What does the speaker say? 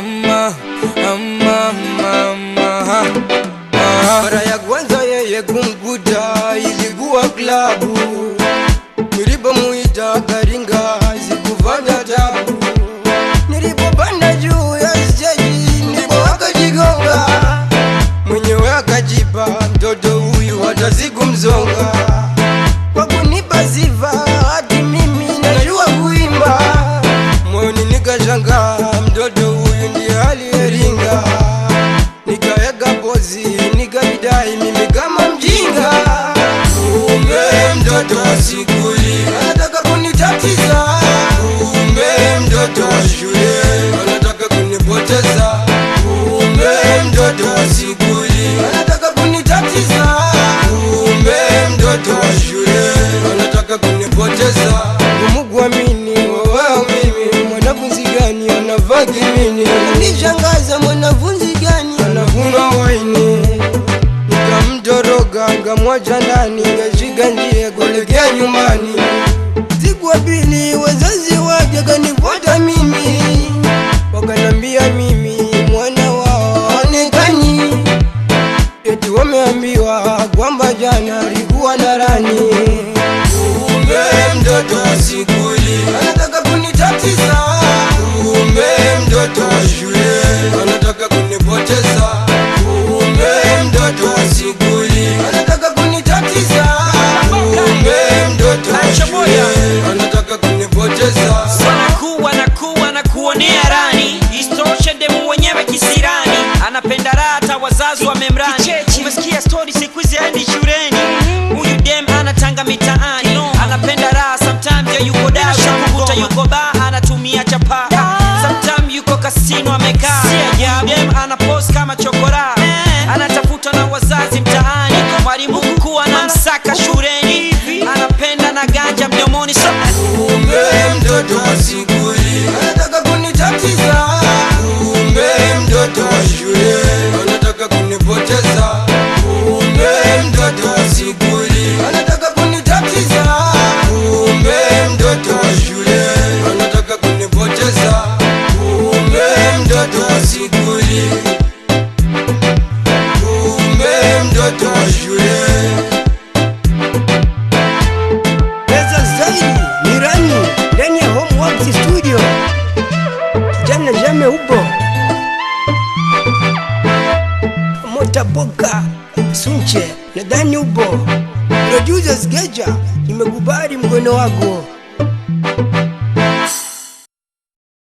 mama, mama, mama, Mara ya kwanza yeye kumkuta ilikuwa klabu, nilipomuita Karinga sikufanya tabu mtoto wa sikuli anataka kunitatiza, kumbe mtoto wa shule anataka kunipoteza, kumbe mtoto wa sikuli anataka kunitatiza, kumbe mtoto wa shule anataka kunipoteza. Umugwamini wao mimi, mwanafunzi gani anavaa kimini? Nishangaza, mwanafunzi gani anavuna waini, nikamtoroga ngamwacha ndani nilegolekea nyumbani. Siku ya wazazi wake kanipota mimi, wakanambia mimi mwana waonekani, eti wameambiwa kwamba jana alikuwa na rani, kumbe mtoto siku membrani umesikia story siku hizi aendi shuleni huyu dem anatanga mitaani anapenda raha sometimes yuko dasha yuko baa anatumia chapaa ah. sometimes yuko kasino amekaa watoto Homeworks Studio. Motaboka Sunche nadhani upo producers geja nimekubali mkono wako